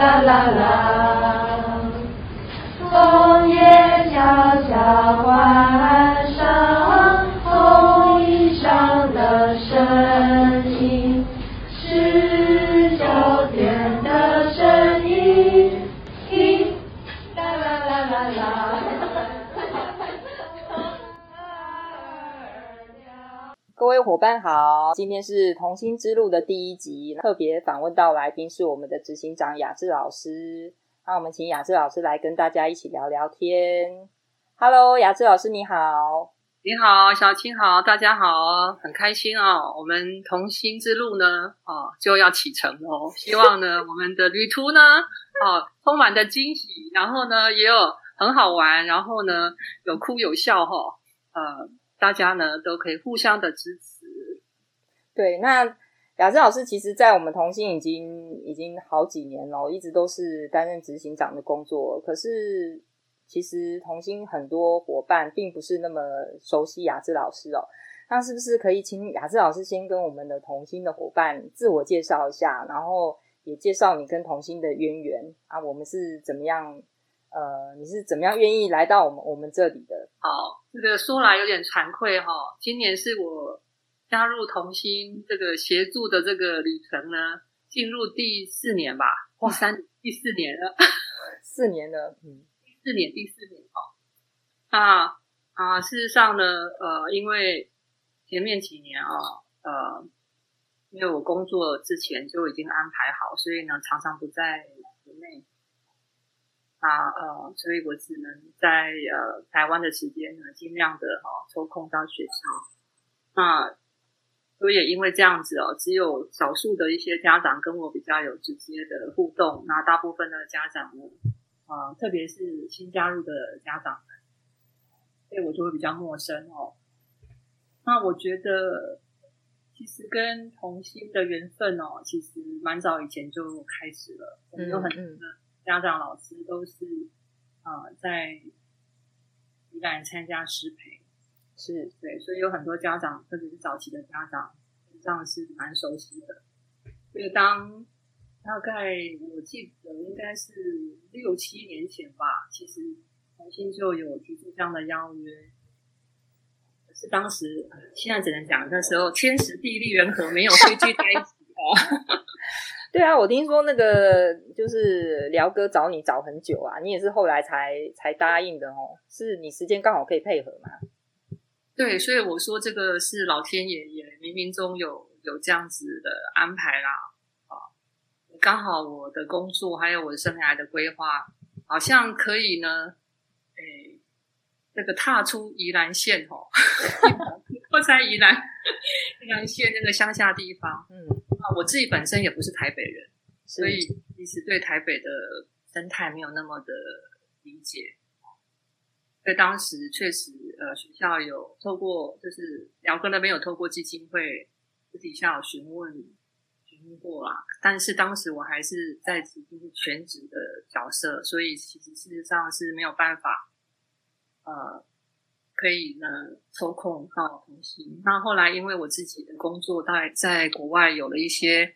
啦啦啦，楓葉悄悄換上紅衣裳的身影，是秋天的聲音。聽，啦啦啦啦啦，啦啦啦啦啦，各位夥伴好。今天是同心之路的第一集，特別訪問到來賓是我們的執行長雅智老師。那我們請雅智老師來跟大家一起聊聊天。Hello，雅智老師你好。你好，小青好，大家好，很開心哦。我們同心之路呢，哦就要啟程哦，希望呢 我們的旅途呢，哦充滿的驚喜，然後呢也有很好玩，然後呢有哭有笑哈，哦，呃大家呢都可以互相的支持。對，那雅智老師其實，在我們同心已經已經好幾年了，一直都是擔任執行長的工作。可是，其實同心很多伙伴並不是那麼熟悉雅智老師哦。那是不是可以請雅智老師先跟我們的同心的伙伴自我介紹一下，然後也介紹你跟同心的淵源啊？我們是怎麼樣？呃，你是怎麼樣願意來到我們我們這裡的？好，這、那個說來有點慚愧哈、哦，今年是我。加入同心這個協助的這個旅程呢，進入第四年吧，哇，三第四年了，四年了，嗯，四第四年第四年哦，那啊，啊，事實上呢，呃，因為前面幾年啊、哦，呃，因為我工作之前就已經安排好，所以呢，常常不在國內，啊，呃，所以我只能在呃台灣的時間呢，盡量的哦抽空到學校，那、啊。所以也因為這樣子哦，只有少數的一些家長跟我比較有直接的互動，那大部分的家長呢，啊、呃，特別是新加入的家長們，所以我就會比較陌生哦。那我覺得，其實跟同心的緣分哦，其實蠻早以前就開始了，我、嗯、們有很多家長老師都是啊、呃，在宜蘭參加師培。是對，所以有很多家長，特別是早期的家長，這樣是蠻熟悉的。所以當大概我記得應該是六七年前吧，其實重新就有提出這樣的邀約，可是當時現在只能講那時候天時地利人和沒有匯聚在一起哦。 對啊，我聽說那個就是遼哥找你找很久啊，你也是後來才才答應的哦，是你時間剛好可以配合嘛？對，所以我說這個是老天爺也冥冥中有有這樣子的安排啦啊，剛好我的工作還有我的生涯的規劃，好像可以呢，哎、欸，這個踏出宜蘭縣哦，破、喔、在 宜蘭宜蘭縣那個鄉下地方，嗯，啊，我自己本身也不是台北人，是是所以其實對台北的生態沒有那麼的理解。在當時確實，呃，學校有透過，就是姚哥那邊有透過基金會私底下有詢問詢問過啦。但是當時我還是在職，就是全職的角色，所以其實事實上是沒有辦法，呃，可以呢抽空到同心。那後來因為我自己的工作大概在國外有了一些，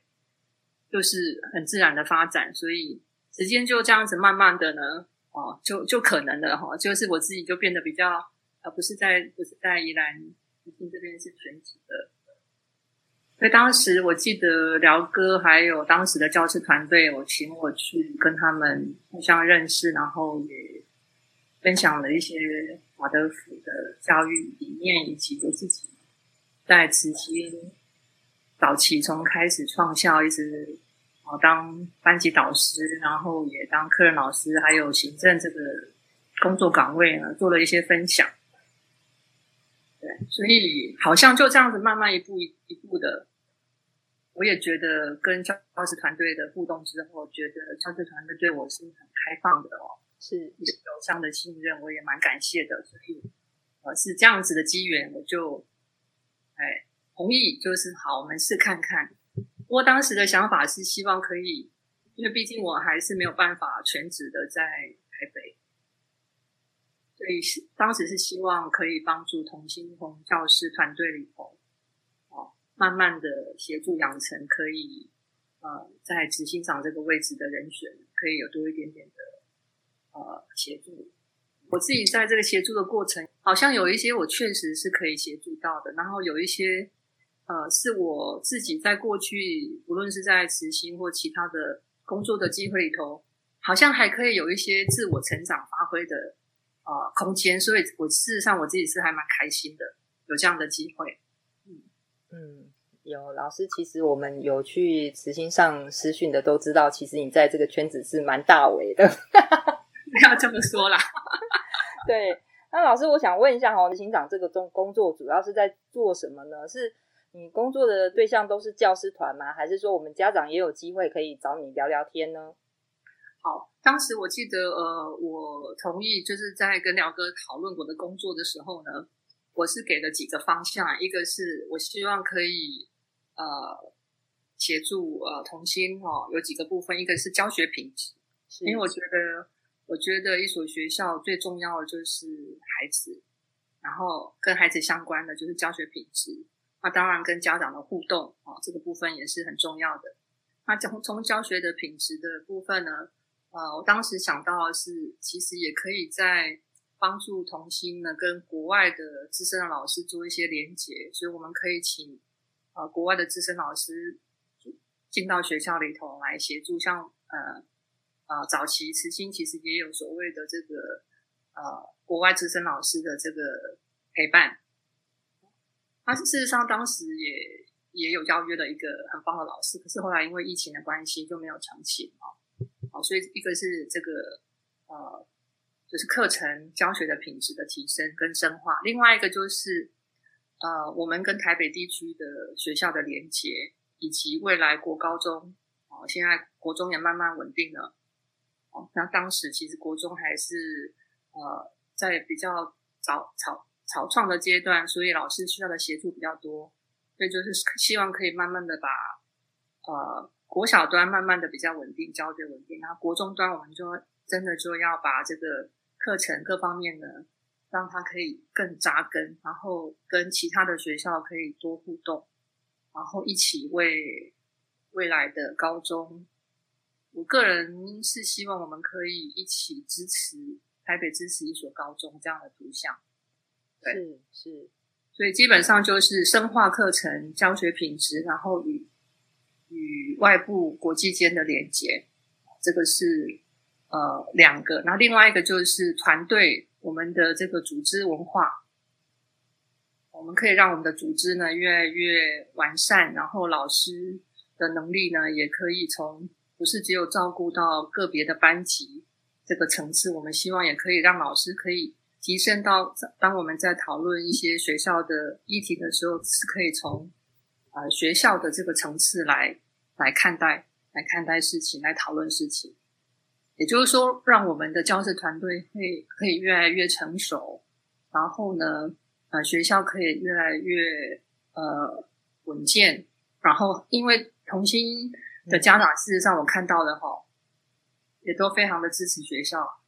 就是很自然的發展，所以時間就這樣子慢慢的呢。哦，就就可能的哈、哦，就是我自己就變得比較，呃、啊，不是在不是在宜蘭宜興這邊是全職的，所以當時我記得遼哥還有當時的教師團隊，我請我去跟他們互相認識，然後也分享了一些華德福的教育理念，以及我自己在慈心早期從開始創校一直，好，當班級導師，然後也當科任老師，還有行政這個工作崗位呢，做了一些分享。對，所以好像就這樣子，慢慢一步一步的。我也覺得跟教師團隊的互動之後，覺得教師團隊對我是很開放的哦，是有這樣的信任，我也蠻感謝的。所以，是這樣子的機緣，我就，哎，同意，就是好，我們試看看。我當時的想法是希望可以，因為畢竟我還是沒有辦法全職的在台北，所以是當時是希望可以幫助同心同教師團隊裡頭，哦，慢慢的協助養成可以，呃，在執行長這個位置的人選可以有多一點點的，呃，協助。我自己在這個協助的過程，好像有一些我確實是可以協助到的，然後有一些。呃，是我自己在過去，無論是在慈心或其他的工作的機會裡頭，好像還可以有一些自我成長發揮的啊、呃、空間，所以我事實上我自己是還蠻開心的，有這樣的機會。嗯嗯，有老師，其實我們有去慈心上實訓的都知道，其實你在這個圈子是蠻大為的， 不要這麼說啦。 對，那老師，我想問一下哈，執行長，這個工工作主要是在做什麼呢？是你工作的對象都是教師團嗎？還是說我們家長也有機會可以找你聊聊天呢？好，當時我記得，呃，我同意，就是在跟廖哥討論我的工作的時候呢，我是給了幾個方向，一個是我希望可以呃協助呃同心哦，有幾個部分，一個是教學品質，因為我覺得我覺得一所學校最重要的就是孩子，然後跟孩子相關的就是教學品質。那、啊、當然，跟家長的互動啊、哦，這個部分也是很重要的。那從從教學的品質的部分呢，呃，我當時想到的是，其實也可以在幫助同心呢，跟國外的資深的老師做一些連結，所以我們可以請呃國外的資深老師進到學校裡頭來協助。像呃啊早期慈心其實也有所謂的這個呃國外資深老師的這個陪伴。他事實上當時也也有邀約了一個很棒的老師，可是後來因為疫情的關係就沒有成期哦，所以一個是這個呃，就是課程教學的品質的提升跟深化，另外一個就是呃，我們跟台北地區的學校的連結，以及未來國高中哦，現在國中也慢慢穩定了哦，那當時其實國中還是呃在比較早早。草創的階段，所以老師需要的協助比較多，所以就是希望可以慢慢的把，呃，國小端慢慢的比較穩定，教學穩定，然後國中端，我們就真的就要把這個課程各方面的讓它可以更紮根，然後跟其他的學校可以多互動，然後一起為未來的高中，我個人是希望我們可以一起支持台北支持一所高中這樣的圖像。對是是，所以基本上就是深化課程教學品質，然後與與外部國際間的連接，這個是呃兩個。那另外一個就是團隊，我們的這個組織文化，我們可以讓我們的組織呢越來越完善，然後老師的能力呢也可以從不是只有照顧到個別的班級這個層次，我們希望也可以讓老師可以。提升到，當我們在討論一些學校的議題的時候，是可以從，呃學校的這個層次來來看待、來看待事情、來討論事情。也就是說，讓我們的教師團隊會可以越來越成熟，然後呢，呃學校可以越來越呃穩健。然後，因為同心的家長、嗯、事實上我看到的哈、哦，也都非常的支持學校。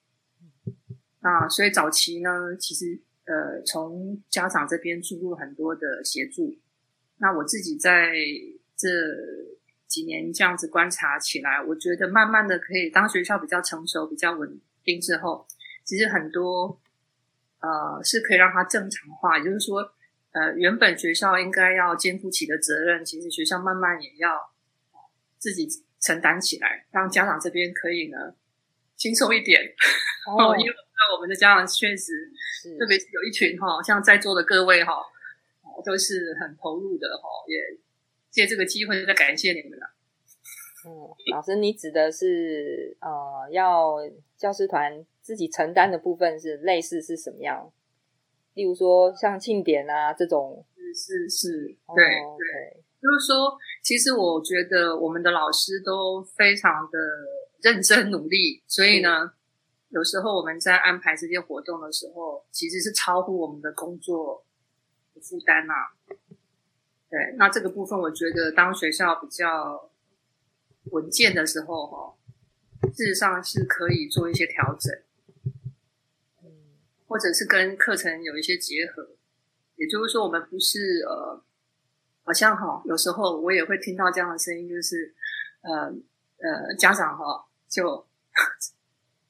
那、啊、所以早期呢，其實呃，從家長這邊注入很多的協助。那我自己在這幾年這樣子觀察起來，我覺得慢慢的可以，當學校比較成熟、比較穩定之後，其實很多呃是可以讓它正常化，也就是說，呃，原本學校應該要肩負起的責任，其實學校慢慢也要自己承擔起來，讓家長這邊可以呢。輕鬆一點哦，因為我知道我們的家長確實，特別是有一群哈，像在座的各位哈，都是很投入的哈，也借這個機會再感謝你們了。嗯、哦，老師，你指的是呃，要教師團自己承擔的部分是類似是什麼樣？例如說像慶典啊這種，是是是，對、哦 okay、對。就是說，其實我覺得我們的老師都非常的。認真努力，所以呢，有時候我們在安排這些活動的時候，其實是超乎我們的工作的負擔啊。對，那這個部分，我覺得當學校比較穩健的時候，哈、哦，事實上是可以做一些調整，嗯，或者是跟課程有一些結合。也就是說，我們不是呃，好像哈、哦，有時候我也會聽到這樣的聲音，就是呃呃，家長哈。哦就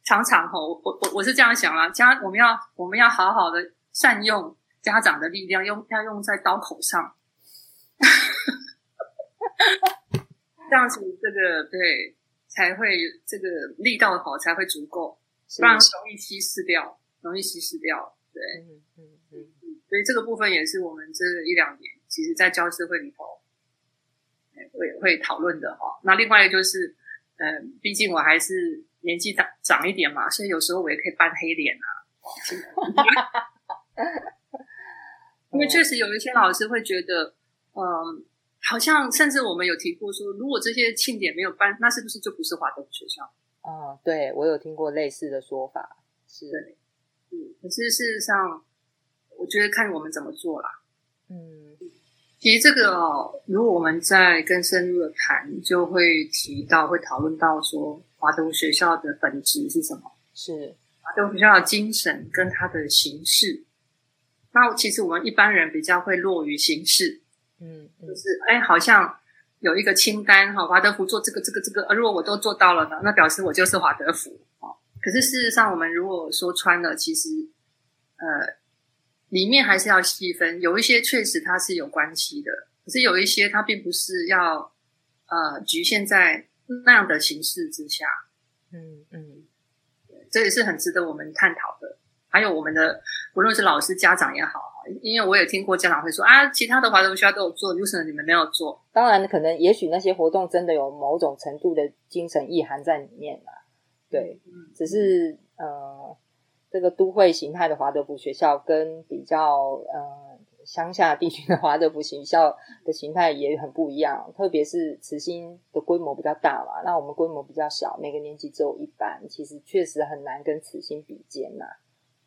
常常吼、哦，我我我是這樣想啊，家我們要我們要好好的善用家長的力量，用要用在刀口上， 這樣子這個對才會這個力道好，才會足夠，不然容易稀釋掉，容易稀釋掉。對，嗯嗯嗯，所、嗯、以這個部分也是我們這一兩年其實，在教師會裡頭會會討論的哈、哦。那另外一個就是。嗯，畢竟我還是年紀長長一點嘛，所以有時候我也可以扮黑臉啊。 因為確實有一些老師會覺得，嗯、呃，好像甚至我們有提過說，如果這些慶典沒有辦，那是不是就不是華東學校？啊、哦，對，我有聽過類似的說法，是，嗯。可是事實上，我覺得看我們怎麼做啦。嗯。其實這個、哦，如果我們再更深入的談，就會提到會討論到說，華德學校的本質是什麼？是華德學校的精神跟它的形式。那其實我們一般人比較會落於形式，嗯，嗯，就是哎，好像有一個清單哈，華德福做這個這個這個，這個、如果我都做到了呢，那表示我就是華德福、哦。可是事實上，我們如果說穿了，其實，呃。裡面還是要細分，有一些確實它是有關係的，可是有一些它並不是要呃局限在那樣的形式之下，嗯嗯，這也是很值得我們探討的。還有我們的，不論是老師家長也好，因為我也聽過家長會說啊，其他的華人學校都有做，為什麼你們沒有做？當然，可能也許那些活動真的有某種程度的精神意涵在裡面吶，對，嗯，只是呃。這個都會形態的華德福學校跟比較呃鄉下地區的華德福學校的形態也很不一樣，特別是慈心的規模比較大嘛，那我們規模比較小，每個年級只有一班，其實確實很難跟慈心比肩吶。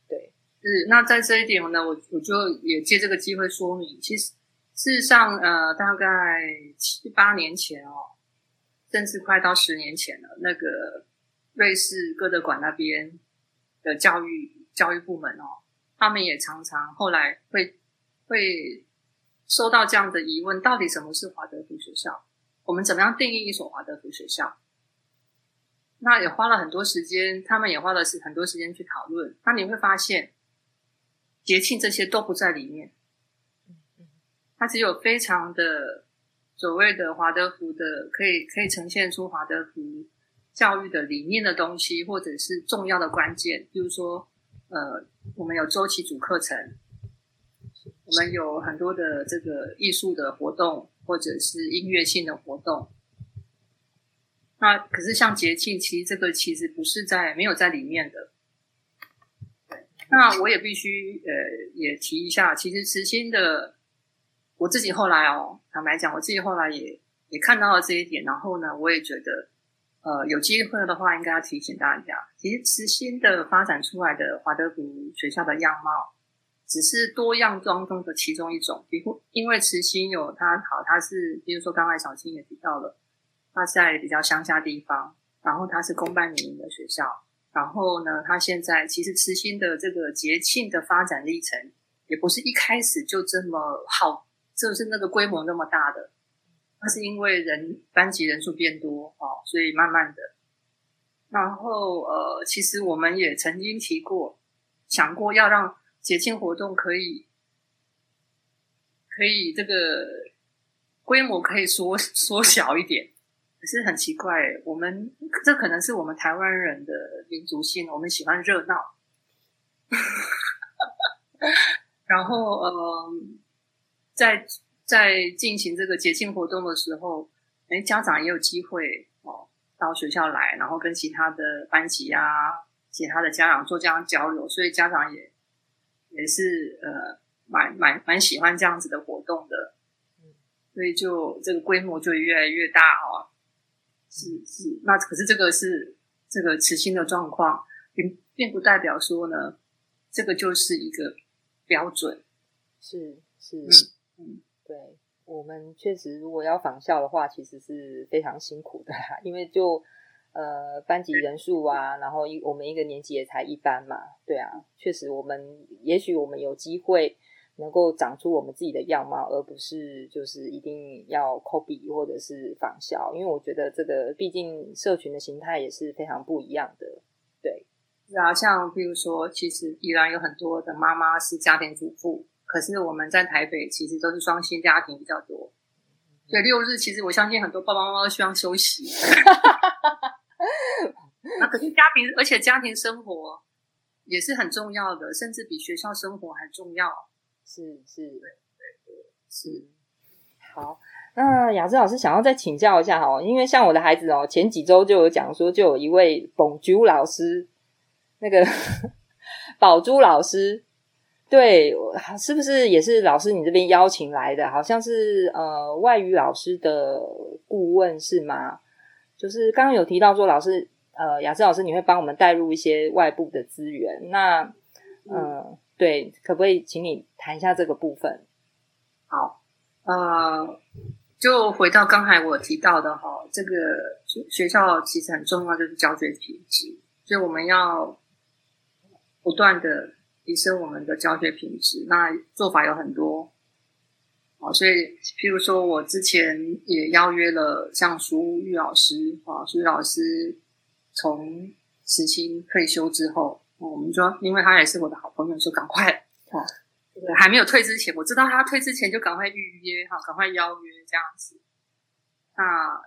對，是，那在這一點呢，我我就也借這個機會說明，其實事實上呃，大概七八年前哦，甚至快到十年前了，那個瑞士歌德館那邊。的教育教育部門哦，他們也常常後來會會收到這樣的疑問：到底什麼是華德福學校？我們怎麼樣定義一所華德福學校？那也花了很多時間，他們也花了很多時間去討論。那你會發現，節慶這些都不在裡面。它只有非常的所謂的華德福的，可以可以呈現出華德福。教育的理念的東西，或者是重要的關鍵，比如說，呃，我們有周期主課程，我們有很多的這個藝術的活動，或者是音樂性的活動。那可是像節慶，其實這個其實不是在沒有在裡面的。那我也必須呃也提一下，其實慈心的，我自己後來哦坦白講，我自己後來也也看到了這一點，然後呢，我也覺得。呃，有機會的話，應該要提醒大家，其實慈心的發展出來的華德福學校的樣貌，只是多樣裝中的其中一種。比如，因為慈心有它好，它是，比如說剛才小青也提到了，他在比較鄉下地方，然後他是公辦民營的學校，然後呢，他現在其實慈心的這個節慶的發展歷程，也不是一開始就這麼好，就是那個規模那麼大的。那是因為人班級人數變多哦，所以慢慢的，然後呃，其實我們也曾經提過，想過要讓節慶活動可以可以這個規模可以縮縮小一點，可是很奇怪，我們這可能是我們台灣人的民族性，我們喜歡熱鬧， 然後呃，在。在進行這個節慶活動的時候，哎、欸，家長也有機會哦，到學校來，然後跟其他的班級啊、其他的家長做這樣交流，所以家長也也是呃，蠻蠻蠻喜歡這樣子的活動的。嗯，所以就這個規模就越來越大哦。是是，那可是這個是這個慈心的狀況，並並不代表說呢，這個就是一個標準。是是，嗯嗯。對，我們確實如果要仿效的話其實是非常辛苦的啦，因為就呃，班級人數啊，然後一我們一個年級也才一班嘛，對啊，確實我們也許我們有機會能夠長出我們自己的樣貌，而不是就是一定要 copy 或者是仿效，因為我覺得這個畢竟社群的形態也是非常不一樣的，對，是啊，像比如說，其實依然有很多的媽媽是家庭主婦。可是我們在台北其實都是雙薪家庭比較多，所以六日其實我相信很多爸爸媽媽都需要休息、 啊。那可是家庭，而且家庭生活也是很重要的，甚至比學校生活還重要。是是，對對對，是。好，那雅智老師想要再請教一下，好，因為像我的孩子哦，前幾週就有講說，就有一位寶珠老師，那個寶 珠老師。對，是不是也是老師你這邊邀請來的？好像是呃，外語老師的顧問是嗎？就是剛剛有提到說，老師呃，雅智老師你會幫我們帶入一些外部的資源。那、呃、嗯，對，可不可以請你談一下這個部分？好，呃，就回到剛才我提到的哈，這個學校其實很重要，就是教學品質，所以我們要不斷的。提升我們的教學品質，那做法有很多，好，所以譬如說，我之前也邀約了像蘇玉老師啊，蘇玉老師從辭青退休之後、嗯，我們說，因為他也是我的好朋友，說趕快，好、嗯，還沒有退之前，我知道他退之前就趕快預約哈，趕快邀約這樣子。那，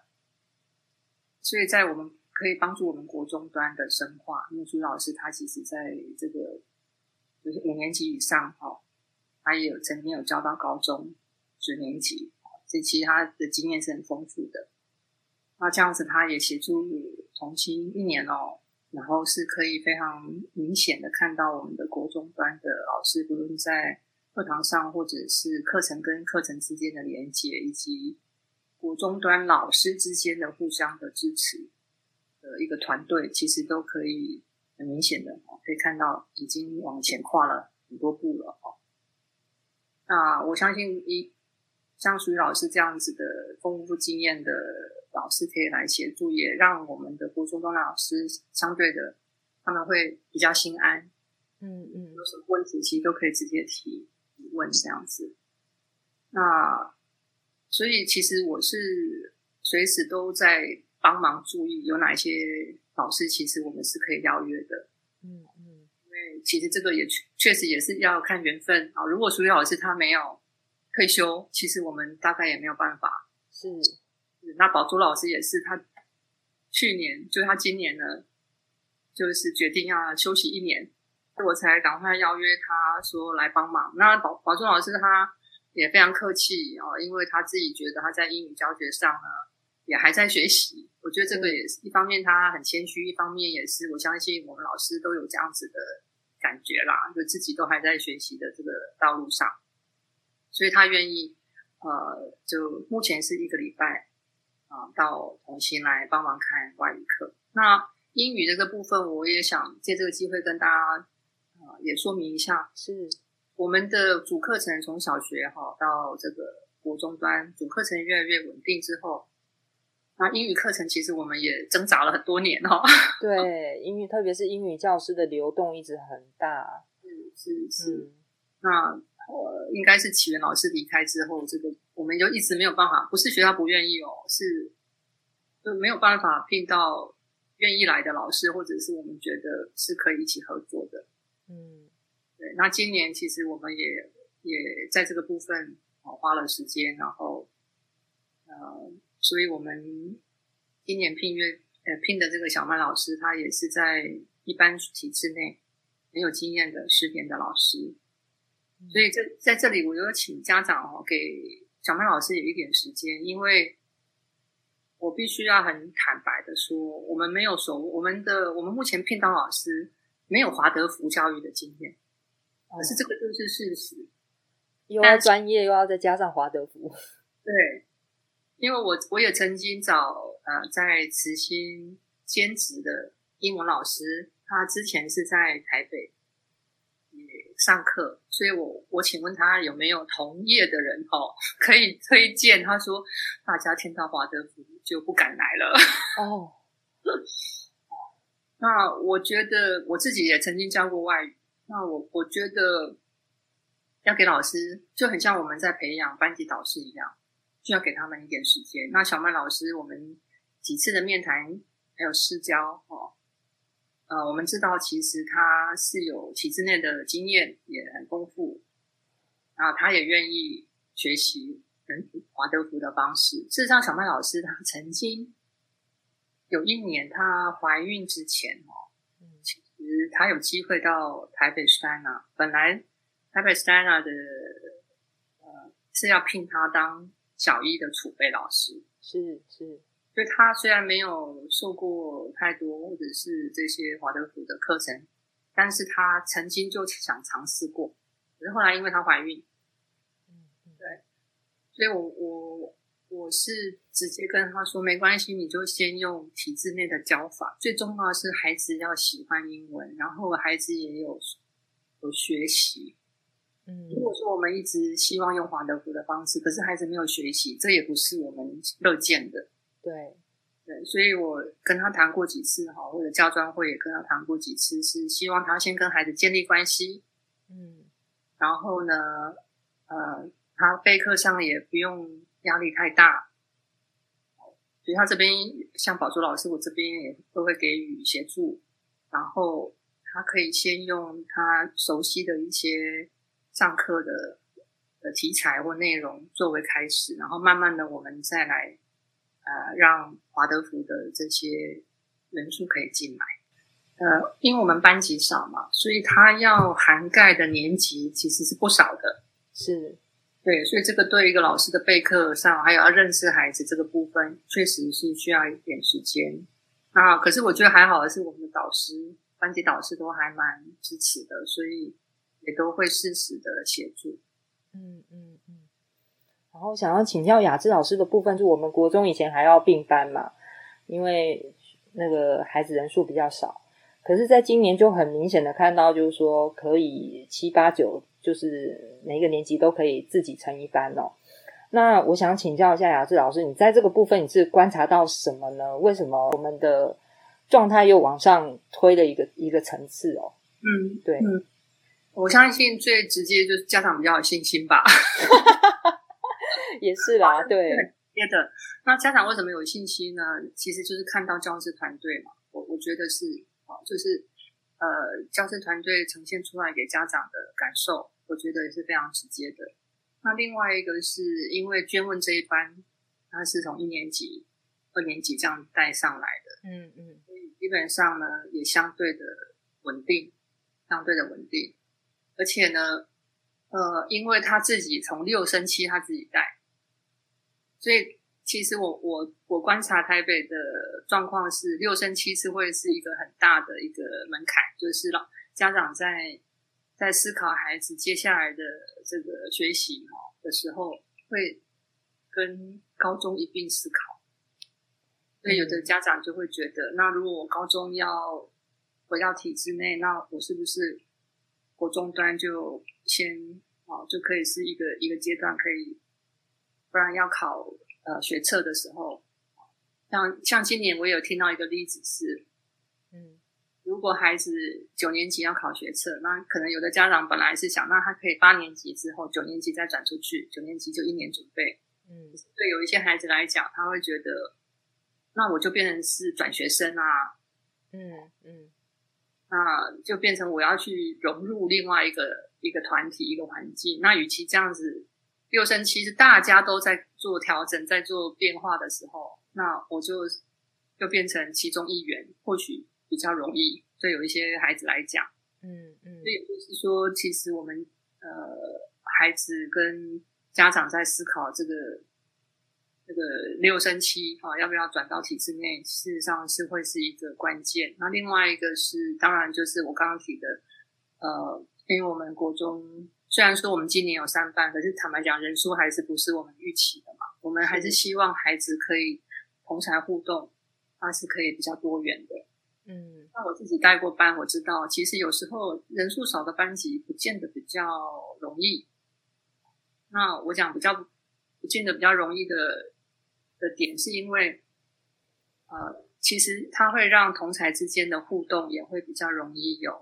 所以在我們可以幫助我們國中端的深化，因為蘇玉老師他其實在這個。就是五年級以上他也有曾經有教到高中十年級，所以其實他的經驗是很豐富的。那這樣子他也協助重新一年哦，然後是可以非常明顯的看到我們的國中端的老師，不論在課堂上或者是課程跟課程之間的連結，以及國中端老師之間的互相的支持的一個團隊，其實都可以。很明顯的，可以看到已經往前跨了很多步了哦。那我相信，一像雅智老師這樣子的豐富經驗的老師，可以來協助，也讓我們的國中、高中老師相對的他們會比較心安。嗯嗯，有什麼問題其實都可以直接提提問這樣子。那所以其實我是隨時都在幫忙注意有哪一些。老師，其實我們是可以邀約的，嗯嗯，因為其實這個也確實也是要看緣分啊。如果數學老師他沒有退休，其實我們大概也沒有辦法。是是，那寶珠老師也是，他去年就他今年呢，就是決定要休息一年，我才趕快邀約他說來幫忙。那寶寶珠老師他也非常客氣啊，哦，因為他自己覺得他在英語教學上呢，啊。也還在學習，我覺得這個也是一方面，他很謙虛；一方面也是，我相信我們老師都有這樣子的感覺啦，就自己都還在學習的這個道路上，所以他願意呃，就目前是一個禮拜啊、呃，到同心來幫忙開外語課。那英語這個部分，我也想借這個機會跟大家啊、呃，也說明一下，是我們的主課程從小學哈到這個國中端，主課程越來越穩定之後。那英語課程其實我們也掙扎了很多年哦。對，英語特別是英語教師的流動一直很大。是是是。是嗯、那呃，應該是啟源老師離開之後，這個我們就一直沒有辦法，不是學校不願意哦，是就沒有辦法聘到願意來的老師，或者是我們覺得是可以一起合作的。嗯，對。那今年其實我們也也在這個部分、哦、花了時間，然後呃。所以我們今年聘約呃聘的這個小曼老師，他也是在一般體制內很有經驗的試編的老師。所以這在這裡，我有請家長哦，給小曼老師有一點時間，因為我必須要很坦白的說，我們沒有說我們的我們目前聘到老師沒有華德福教育的經驗、哦，可是這個就是事實。又要專業，又要再加上華德福，對。因為我我也曾經找呃在慈心兼職的英文老師，他之前是在台北也上課，所以我我請問他有沒有同業的人哦可以推薦？他說大家聽到華德福就不敢來了哦。那我覺得我自己也曾經教過外語，那我我覺得要給老師就很像我們在培養班級導師一樣。就要給他們一點時間。那小曼老師，我們幾次的面談還有私交，哦，呃，我們知道其實他是有體制內的經驗也很豐富，啊，他也願意學習跟華德福的方式。事實上，小曼老師他曾經有一年她懷孕之前哦，哦、嗯，其實她有機會到台北 Steiner，本來台北 Steiner 的，呃，是要聘她當。小一的儲備老師是是。所以他雖然沒有受過太多，或者是這些華德福的課程，但是他曾經就想嘗試過，可是後來因為她懷孕，嗯，對，所以我我我是直接跟他說沒關係，你就先用體制內的教法。最重要的是孩子要喜歡英文，然後孩子也有有學習。嗯，如果說我們一直希望用華德福的方式，可是孩子沒有學習，這也不是我們樂見的。對，對，所以我跟他談過幾次哈，或者教專會也跟他談過幾次，是希望他先跟孩子建立關係。嗯，然後呢，呃，他備課上也不用壓力太大，所以他這邊像寶珠老師，我這邊也都會給予協助，然後他可以先用他熟悉的一些。上課的，的題材或內容作為開始，然後慢慢的我們再來呃讓華德福的這些人數可以進來，呃，因為我們班級少嘛，所以他要涵蓋的年級其實是不少的，是，對，所以這個對一個老師的備課上還有要認識孩子這個部分，確實是需要一點時間。啊，可是我覺得還好的是，我們的導師、班級導師都還蠻支持的，所以。也都會適時的協助，嗯嗯嗯。然後想要請教雅智老師的部分，就是我們國中以前還要併班嘛，因為那個孩子人數比較少。可是，在今年就很明顯的看到，就是說可以七八九，就是每一個年級都可以自己成一班哦。那我想請教一下雅智老師，你在這個部分你是觀察到什麼呢？為什麼我們的狀態又往上推了一個一個層次哦？嗯，對。嗯我相信最直接就是家長比較有信心吧， 也是啦，對。接 着，那家長為什麼有信心呢？其實就是看到教師團隊嘛。我我覺得是啊，就是呃，教師團隊呈現出來給家長的感受，我覺得也是非常直接的。那另外一個是因為捐問這一班，他是從一年級、二年級這樣帶上來的，嗯嗯，所以基本上呢也相對的穩定，相對的穩定。而且呢，呃，因為他自己從六升七，他自己帶，所以其實我我我觀察台北的狀況是，六升七是會是一個很大的一個門檻，就是老家長在在思考孩子接下來的這個學習、喔、的時候，會跟高中一併思考。所以、嗯、有的家長就會覺得，那如果我高中要回到體制內，那我是不是？國中端就先哦，就可以是一個一個階段可以，不然要考呃學測的時候，像像今年我有聽到一個例子是，嗯，如果孩子九年級要考學測，那可能有的家長本來是想，那他可以八年級之後，九年級再轉出去，九年級就一年準備，嗯，對，有一些孩子來講，他會覺得，那我就變成是轉學生啊，嗯嗯。那就變成我要去融入另外一個一個團體、一個環境。那與其這樣子，六升七是大家都在做調整、在做變化的時候，那我就就變成其中一員，或許比較容易。對，有一些孩子來講，嗯嗯。所以就是說，其實我們呃，孩子跟家長在思考這個。這個六升七哈、啊，要不要轉到體制內？事實上是會是一個關鍵。那另外一個是，當然就是我剛剛提的，呃，因為我們國中雖然說我們今年有三班，可是坦白講人數還是不是我們預期的嘛。我們還是希望孩子可以同儕互動，它是可以比較多元的。嗯，那我自己帶過班，我知道其實有時候人數少的班級不見得比較容易。那我講比較不見得比較容易的，的點是因為，呃，其實它會讓同儕之間的互動也會比較容易有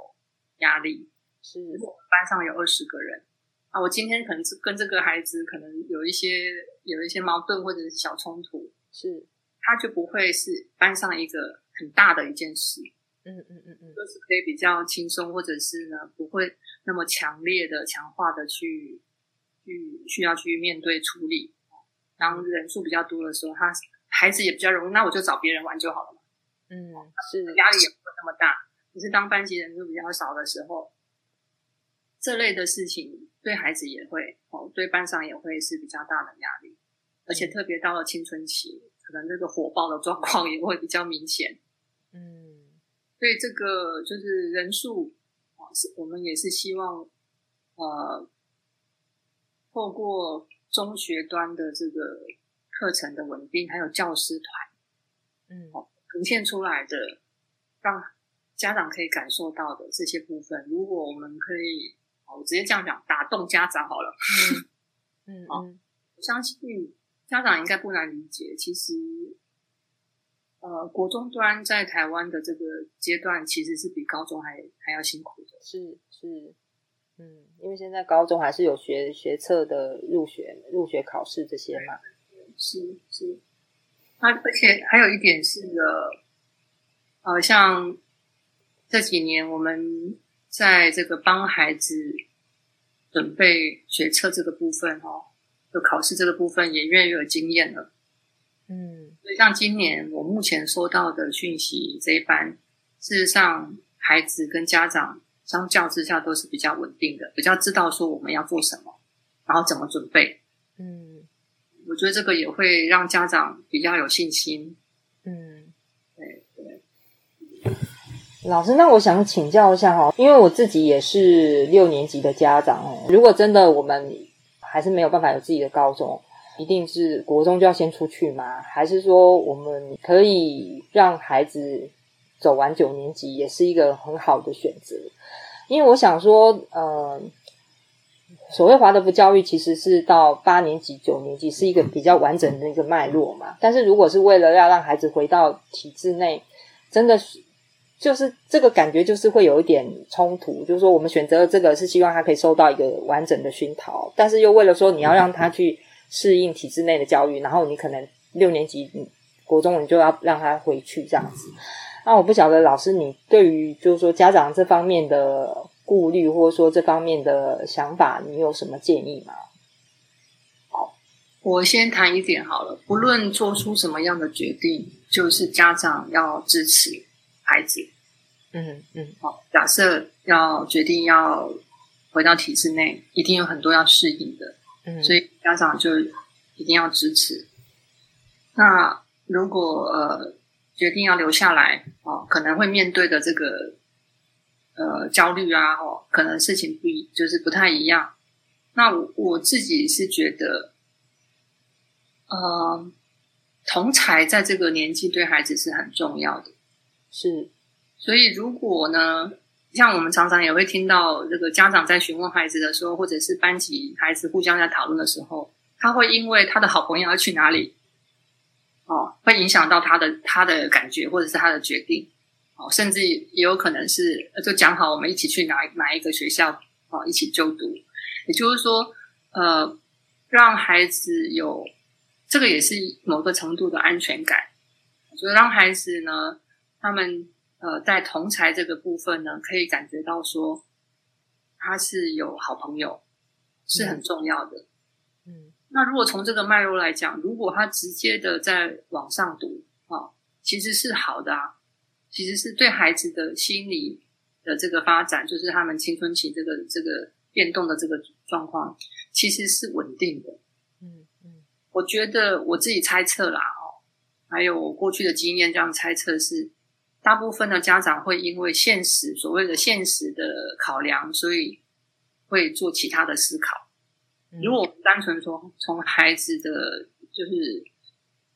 壓力。是，就是、班上有二十個人啊，我今天可能是跟這個孩子可能有一些有一些矛盾或者是小衝突，是，他就不會是班上一個很大的一件事。嗯嗯嗯嗯，就是可以比較輕鬆，或者是呢不會那麼強烈的強化的去去需要去面對處理。當人數比較多的時候，他孩子也比較容易，那我就找別人玩就好了嘛。嗯，啊、是壓力也不會那麼大。可是當班級人數比較少的時候，這類的事情對孩子也會哦，對班上也會是比較大的壓力，而且特別到了青春期，可能這個火爆的狀況也會比較明顯。嗯，所以這個就是人數啊是，我們也是希望呃，透過。中學端的這個課程的穩定，還有教師團，嗯，呈、哦、現出來的讓、啊、家長可以感受到的這些部分，如果我們可以，好，我直接這樣講，打動家長好了。嗯，呵呵嗯,哦、嗯，我相信家長應該不難理解、嗯，其實，呃，國中端在台灣的這個階段，其實是比高中還還要辛苦的。是是。嗯，因為現在高中還是有學學測的入學入學考試這些嘛，是、嗯、是，而、啊、而且還有一點是、嗯、呃，啊，像這幾年我們在這個幫孩子準備學測這個部分哦，就考試這個部分也越來越有經驗了。嗯，所以像今年我目前收到的訊息，這一班事實上孩子跟家長。相較之下都是比較穩定的，比較知道說我們要做什麼，然後怎麼準備。嗯，我覺得這個也會讓家長比較有信心。嗯，對對。老師，那我想請教一下齁，因為我自己也是六年級的家長齁。如果真的我們還是沒有辦法有自己的高中，一定是國中就要先出去嗎？還是說我們可以讓孩子走完九年級，也是一個很好的選擇？因為我想說，嗯、呃，所謂華德福教育其實是到八年級、九年級是一個比較完整的一個脈絡嘛。但是如果是為了要讓孩子回到體制內，真的、就是就是這個感覺，就是會有一點衝突。就是說，我們選擇了這個是希望他可以受到一個完整的熏陶，但是又為了說你要讓他去適應體制內的教育，然後你可能六年級、國中你就要讓他回去這樣子。那、啊、我不曉得老師，你對於就是說家長這方面的顧慮，或者說這方面的想法，你有什麼建議嗎？好，我先談一點好了。不論做出什麼樣的決定，就是家長要支持孩子。嗯嗯。好，假設要決定要回到體制內，一定有很多要適應的。嗯。所以家長就一定要支持。那如果呃。決定要留下來哦，可能會面對的這個呃焦慮啊，哦，可能事情不一，就是不太一樣。那我我自己是覺得，呃同儕在這個年紀對孩子是很重要的，是。所以如果呢，像我們常常也會聽到這個家長在詢問孩子的時候，或者是班級孩子互相在討論的時候，他會因為他的好朋友要去哪裡。哦，會影響到他的他的感覺，或者是他的決定，哦，甚至也有可能是，就講好我們一起去哪哪一個學校，哦，一起就讀，也就是說，呃，讓孩子有這個也是某個程度的安全感，所以讓孩子呢，他們呃在同才同儕這個部分呢，可以感覺到說他是有好朋友是很重要的，嗯。嗯那如果從這個脈絡來講，如果他直接的再往上讀啊，其實是好的啊，其實是對孩子的心理的這個發展，就是他們青春期這個這個變動的這個狀況，其實是穩定的。嗯嗯，我覺得我自己猜測啦，哦，還有我過去的經驗這樣猜測是，大部分的家長會因為現實，所謂的現實的考量，所以會做其他的思考。如果我們單純說，從孩子的就是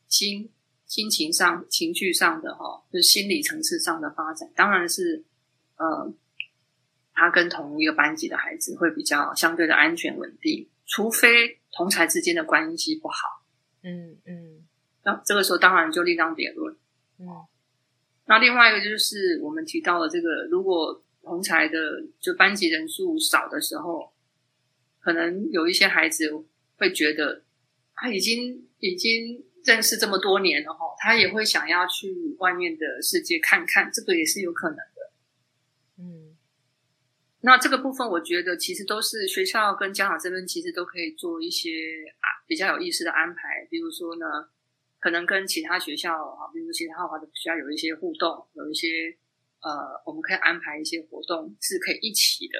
心心情上、情緒上的、哦、就是心理層次上的發展，當然是呃，他跟同一個班級的孩子會比較相對的安全穩定，除非同儕之間的關係不好。嗯嗯，那這個時候當然就另當別論。哦、嗯，那另外一個就是我們提到的這個，如果同儕的就班級人數少的時候。可能有一些孩子會覺得，他已經已經認識這麼多年了哈，他也會想要去外面的世界看看，這個也是有可能的。嗯，那這個部分我覺得其實都是學校跟家長這邊其實都可以做一些啊比較有意思的安排，比如說呢，可能跟其他學校啊，比如說其他華的學校都需要有一些互動，有一些呃，我們可以安排一些活動是可以一起的，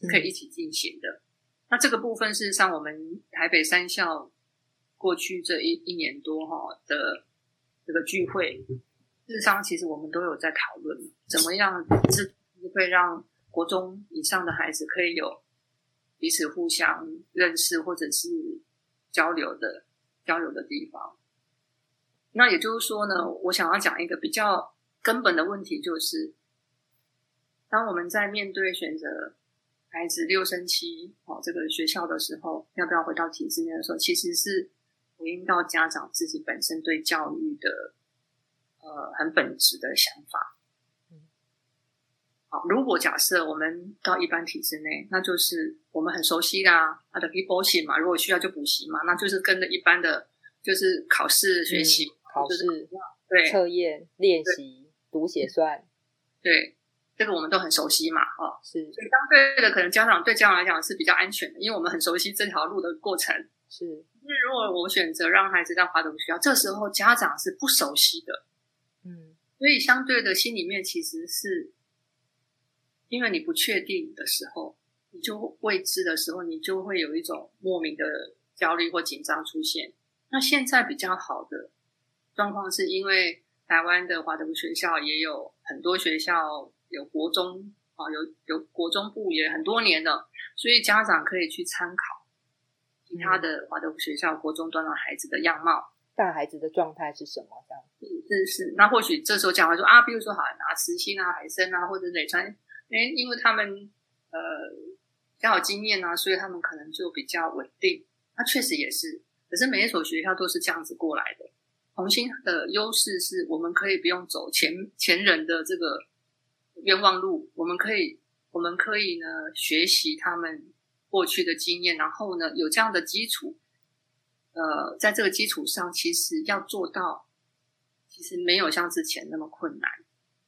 嗯、是可以一起進行的。那這個部分，事實上，我們台北三校過去這一一年多哈的這個聚會，事實上其實我們都有在討論，怎麼樣是會讓國中以上的孩子可以有彼此互相認識或者是交流的交流的地方。那也就是說呢，嗯，我想要講一個比較根本的問題，就是當我們在面對選擇。孩子六升七，哦，這個學校的時候要不要回到體制內的時候，其實是回應到家長自己本身對教育的呃很本質的想法、嗯。好，如果假設我們到一般體制內，那就是我們很熟悉啦的他的補習嘛，如果需要就補習嘛，那就是跟着一般的，就是考試學習、嗯，考試對、就是、測驗對練習讀寫算，嗯、對。這個我們都很熟悉嘛，哈、哦，是，所以相對的，可能家長對家長來講是比較安全的，因為我們很熟悉這條路的過程。是，那如果我選擇讓孩子到華德福學校，這時候家長是不熟悉的，嗯，所以相對的心裡面其實是，因為你不確定的時候，你就未知的時候，你就會有一種莫名的焦慮或緊張出現。那現在比較好的狀況是因為台灣的華德福學校也有很多學校。有國中啊，有有國中部也很多年了，所以家長可以去參考其他的華德福，嗯啊、學校國中端，端的孩子的樣貌，大孩子的狀態是什麼？這樣，子。是是，是，嗯。那或許這時候家長會說啊，比如說，好像拿慈心啊、海聲啊，或者磊川，哎，因為他們呃剛好經驗啊，所以他們可能就比較穩定。那，啊、確實也是，可是每一所學校都是這樣子過來的。同心的優勢是我們可以不用走前前人的這個。冤枉路，我們可以，我們可以呢，學習他們過去的經驗，然後呢，有這樣的基礎，呃，在這個基礎上，其實要做到，其實沒有像之前那麼困難。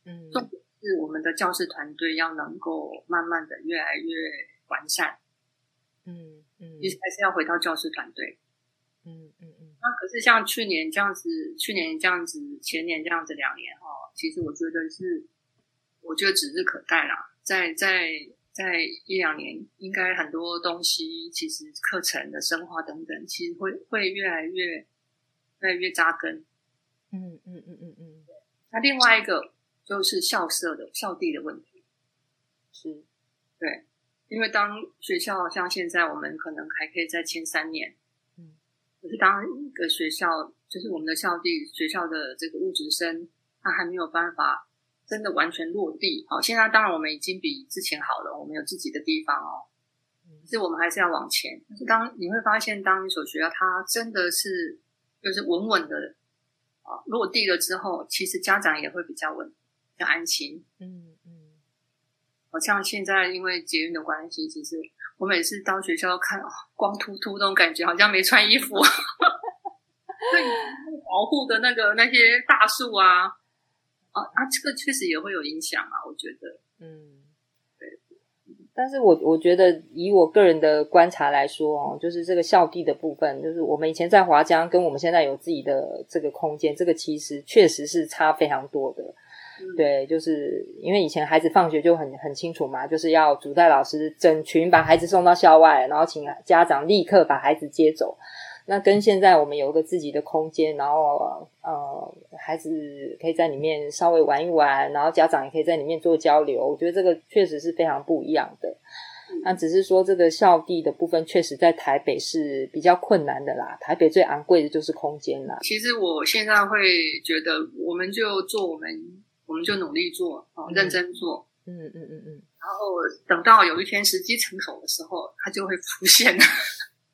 嗯，重點是我們的教師團隊要能夠慢慢的越來越完善。嗯嗯，其實還是要回到教師團隊。嗯嗯嗯。那可是像去年這樣子，去年這樣子，前年這樣子，兩年哦，其實我覺得是。我覺得指日可待啦，在在在一兩年，應該很多東西，其實課程的深化等等，其實會會越來越越來越紮根。嗯嗯嗯嗯嗯。那另外一個就是校舍的校地的問題，是、嗯，對，因為當學校像現在，我們可能還可以再簽三年，嗯，可、就是當一個學校，就是我們的校地學校的這個物質生，他還沒有辦法，真的完全落地。好，現在當然我們已經比之前好了，我們有自己的地方哦。可是我們還是要往前。當你會發現，當一所學校它真的是就是穩穩的啊落地了之後，其實家長也會比較穩，比較安心。嗯嗯。好像現在因為捷運的關係，其實我每次到學校都看，光禿禿那種感覺，好像沒穿衣服。對 保護的那個那些大樹啊。哦，啊，這個確實也會有影響啊，我覺得，嗯，對。對，但是我我覺得，以我個人的觀察來說哦、嗯，就是這個校地的部分，就是我們以前在華江，跟我們現在有自己的這個空間，這個其實確實是差非常多的。嗯、對，就是因為以前孩子放學就很很清楚嘛，就是要主帶老師整群把孩子送到校外，然後請家長立刻把孩子接走。那跟現在我們有一個自己的空間，然後呃，孩子可以在裡面稍微玩一玩，然後家長也可以在裡面做交流。我覺得這個確實是非常不一樣的。那只是說這個校地的部分，確實在台北是比較困難的啦。台北最昂貴的就是空間啦。其實我現在會覺得，我們就做我們，我們就努力做，然後，認真做。嗯嗯嗯嗯。然後等到有一天時機成熟的時候，它就會出現了。